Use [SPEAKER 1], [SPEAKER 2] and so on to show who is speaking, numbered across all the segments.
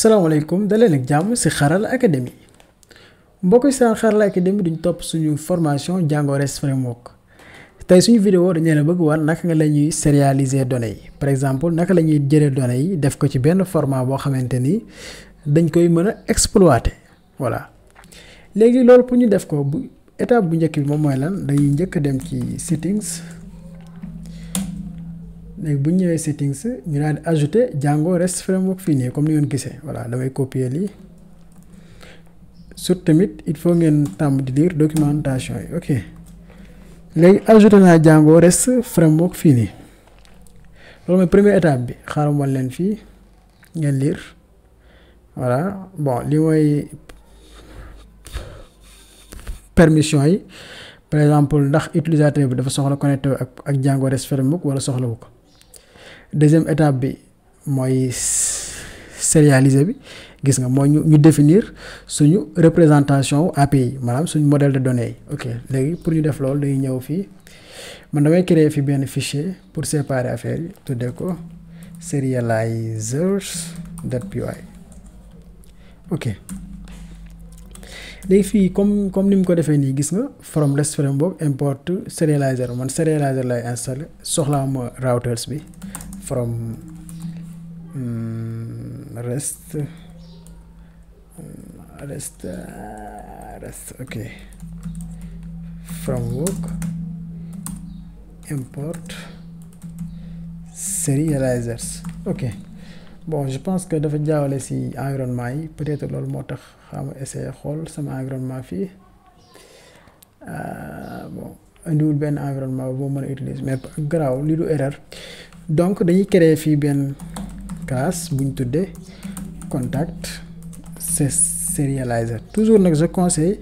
[SPEAKER 1] salaamaaleykum daleen ak jàmm si Xarala Academy mbokk yi seen Xarala Academy duñ topp suñu formation Django REST Framework tey suñu vidéo dañu la bëgg war naka nga la ñuy sérialiser données yi par exemple naka la ñuy jëlee données yi def ko ci benn format boo xamante ni dañ koy mën a exploiter voilà léegi loolu pour ñu def ko bu étape bu njëkk bi moom mooy lan dañuy njëkk a dem ci settings Les bu settings ñu ajoute ajouter Django REST framework Fini, comme ni ngeen gisee voilà damay copier Sur surtout il faut le temps de lire documentation ok Les ajouter na Django REST framework Fini. Voilà, la première étape bi xaaral ma lire voilà bon ce mooy permission par exemple ndax utilisateur bi dafa soxla avec Django REST framework wala le ko deuxième étape bi mooy sérialiser bi gis nga mooy ñu ñu définir suñu représentation API maanaam suñu modèle de données ok léegi pour ñu def loolu dañuy ñëw fii man damay créer fi benn fichier pour séparer affaire yi tuddee ko Py. ok léegi fii comme comme ni mu ko defee nii gis nga from less frame boobu import serializer man serializer lay installé soxlaa ma routers bi. from um, rest mm, rest uh, rest okay from work import serializers ok bon je pense que dafa jaawale ci environnement yi peut-être loolu moo tax xama essayé xool sama environnement fii euh, bon indiwul ben environnement bu ma mën a utiliser mais garaaw li du erreur donc dañuy créer fii benn classe bu ñu tuddee contact serializer toujours nag je conseille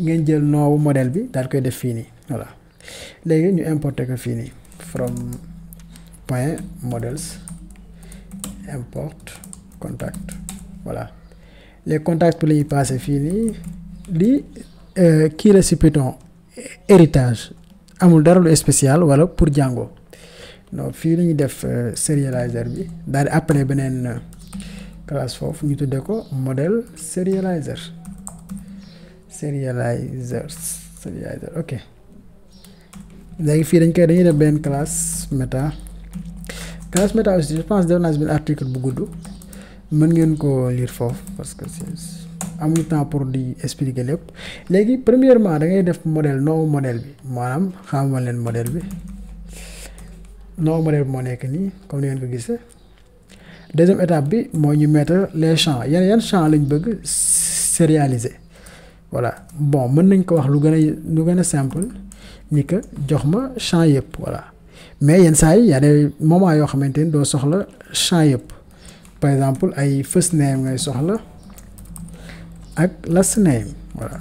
[SPEAKER 1] ngeen jël le modèle bi daal koy def fii nii voilà léegi ñu importer ko fii nii from point models import contact voilà les contacts pour la passé fii nii qui euh, kii la si héritage amul dara lu spécial wala pour Django donc fii la ñuy def euh, serializer bi daal di beneen euh, classe foofu ñu tuddee ko modèle serializer serializer serializer ok léegi fii dañ koy dañuy def beneen classe meta classe meta aussi je pense def naa si benn article bu gudd mën ngeen ko liir foofu parce que c'est amuñu temps pour di expliquer lépp léegi premièrement da ngay def modèle non modèle bi maanaam xamal leen modèle bi. nombre bi moo nekk nii comme ni ngeen ko gisee deuxième étape bi mooy ñu mettre les champs yan yan champs lañ bëgg sérialiser voilà bon mën nañ ko wax lu gën a lu gën a simple ni que jox ma champs yëpp voilà mais yenn saa yi y a des moments yoo xamante ni doo soxla champ yëpp par exemple ay first name ngay soxla ak last name voilà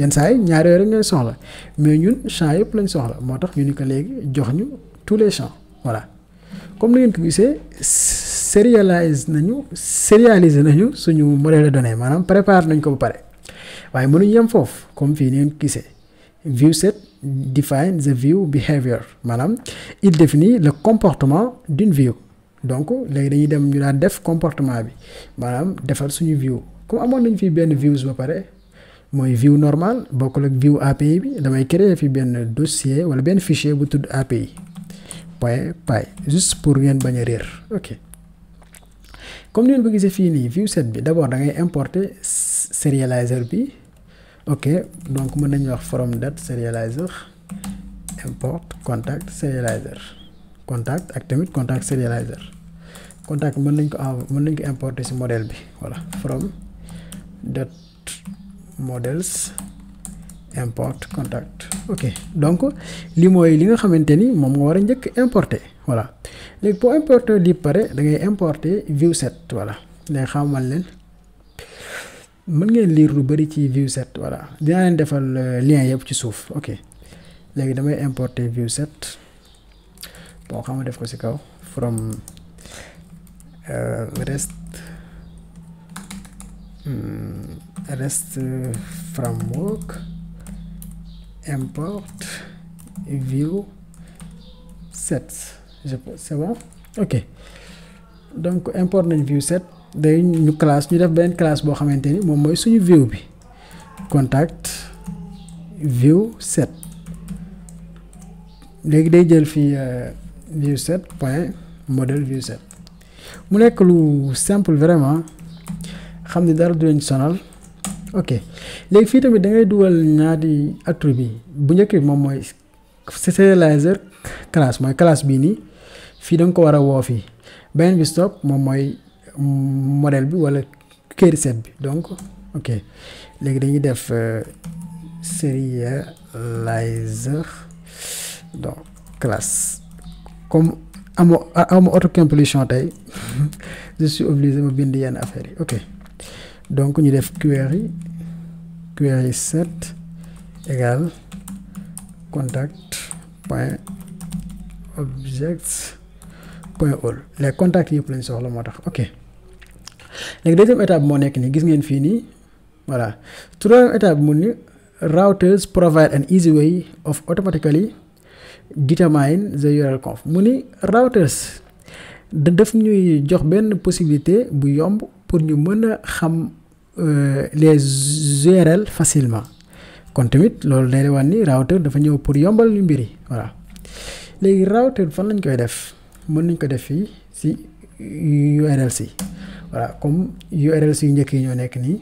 [SPEAKER 1] yenn saa yi ñaar yooyu rek ngay soxla mais ñun champ yëpp lañ soxla moo tax ñu ni ko léegi jox ñu tous les champs voilà comme ni ngeen ko gisee serialise nañu serialiser nañu suñu modèle de données manam préparé nañ ko ba pare waaye mënuñ yem foofu comme fi ni ngeen view set define the view behavior manam il définit le comportement d'une view donc léegi dañuy dem ñu daan def comportement bi manam defar suñu view comme amon nañ fi ben views ba paré mooy view normal bokk ak view API bi damay créer fi ben dossier wala ben fichier bu tudd API juste pour ngeen bañ ok comme nous on ko gisee fii view set bi D'abord, abord da ngay importer serializer bi ok donc mën va wax from date serializer import contact serializer contact ak contact serializer contact mën nañ ko mën nañ ko importer modèle bi voilà from dot models import contact ok donc li yi li nga xamante ni moom nga war a njëkk importer voilà léegi boo importer li pare da ngay importer view set voilà day xamal leen mën ngeen liir lu bëri ci view set voilà dinaa leen defal euh, lien yëpp ci suuf ok léegi damay importer view set bon xam nga def ko si kaw from euh, rest hmm, rest euh, framework import view sets c'est bon ok donc import view set day une classe nous def une classe view contact view set léegi day jël euh, view set point model view set simple vraiment Je ok léegi fii tamit da ngay dugal ñaari attribut bu njëkk bi moom mooy serializer class mooy class bii nii fii da nga ko war a woo fii beneen bi stop moom mooy modèle bi wala query set bi donc ok léegi dañuy def euh, serializer donc class comme amoo amoo auto completion tey je suis obligé ma bind yenn affaire yi ok donc ñu def query query set égal contact point objects point all les contacts yëpp lañ soxla moo tax ok léegi deuxième étape mo nek ni gis ngeen fini voilà troisième étape mo ni routers provide an easy way of automatically determine the URL conf mo ni routers def ñuy jox benn possibilité bu yomb pour ñu mën a xam Euh, les URL facilement kon tamit loolu day wan ni router dafa ñëw pour yombal lu mbiri voilà léegi router fan lañ koy def mën nañ ko def fii si URL si voilà comme URL si yu njëkk yi ñoo nekk nii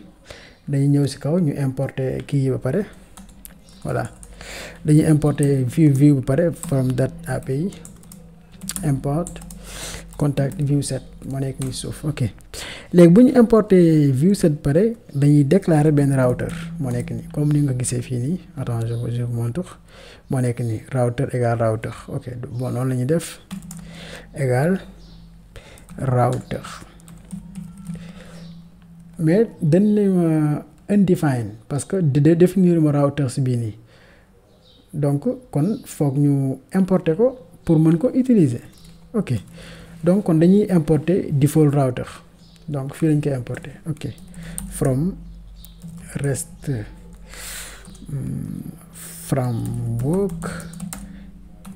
[SPEAKER 1] dañuy ñëw si kaw ñu importer kii yi ba pare voilà dañuy importer view view ba pare from that API import contact view set moo nekk nii suuf ok léegi bu ñu view viewset pare dañuy déclarer benn router moo nekk nii comme ni nga gisee fii nii attends je vous je montre moo nekk nii router égal router ok bon noonu la ñuy def égal router mais dañ ne ma undefined parce que de définir ma router si bii nii donc kon foog ñu importer ko pour mën ko utiliser ok donc kon dañuy importer default router donc je lañ importer ok from rest hmm, work,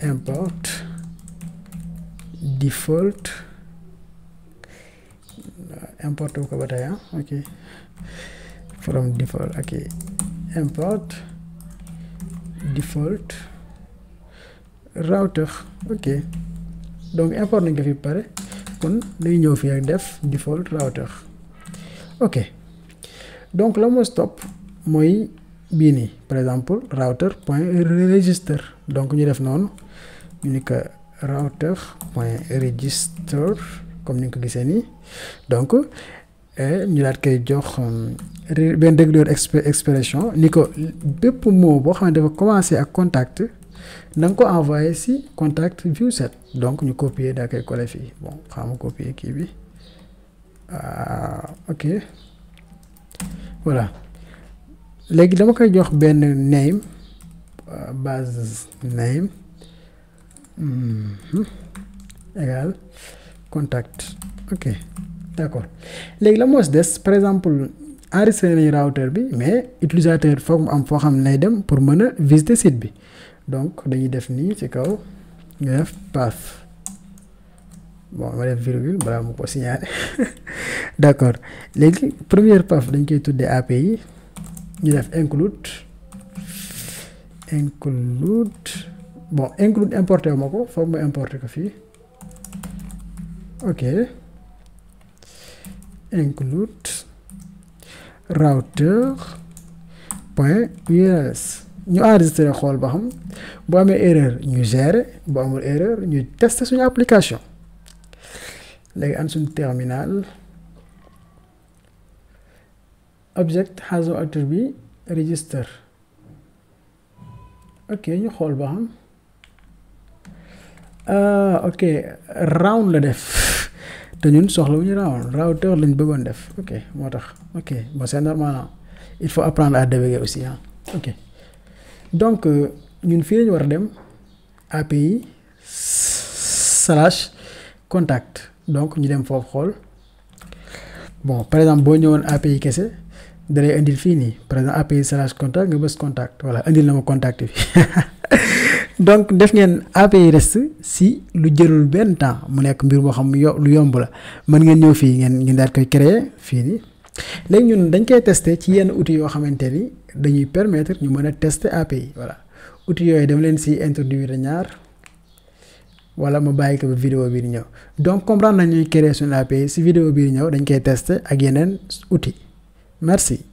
[SPEAKER 1] import default import ah, ok from default ok import default router ok donc import nañ ko kon day ñëw fi def default router ok donc la stop mooy bii nii par exemple router point register donc ñu def noonu ñu ni router point register comme ni ko gisee nii donc ñu daat koy jox euh, benn régleur expression ni ko bépp mot boo xam ne dafa commencé ak contact donc on va ici contact view set donc nous copier daa koy coller fii bon va copier qui Ah, ok voilà les dama koy jox un name euh, base name mhm. égal contact ok d'accord les la moos des par exemple enregistré le router bi mais utilisateur faut mu am xam lay dem pour mën le visiter site bi donc dañuy def ni ci kaw nga path bon ma def virgule on mu ko signaler D'accord. accord léegi première path dañ koy des API ñu def include include bon include importé wu ma ko foog ma importé ko fii ok include router point .us ñu enregistré xool ba xam bu amee erreur ñu gérer bu amul erreur ñu testons suñu application léegi am suñu terminal object has acteur bi register ok ñu xool ba xam ah, ok round la def te ñun soxla ñu round router lañ bëggoon def ok moo ok bon c'est normal hein. il faut apprendre à débugger aussi ah ok donc euh, ñun fi lañu war API slash contact donc ñu dem foofu bon par exemple boo API kese allez indil fii par exemple API slash contact nga bës contact voilà indil ma contact donc def ngeen API si lu jëlul benn temps mu nekk mbir xam lu yomb la mën ngeen ñëw fii ngeen ngeen daal créer fii nii ñun dañ tester ci yenn outils yoo dañuy permettre ñu mën a tester API voilà outil yooyu dem leen si introduire ñaar wala ma bàyyi ko ba vidéo bii di ñëw donc comprendre nañuy créer suñu API si vidéo bii ñëw dañ koy tester ak yeneen outil merci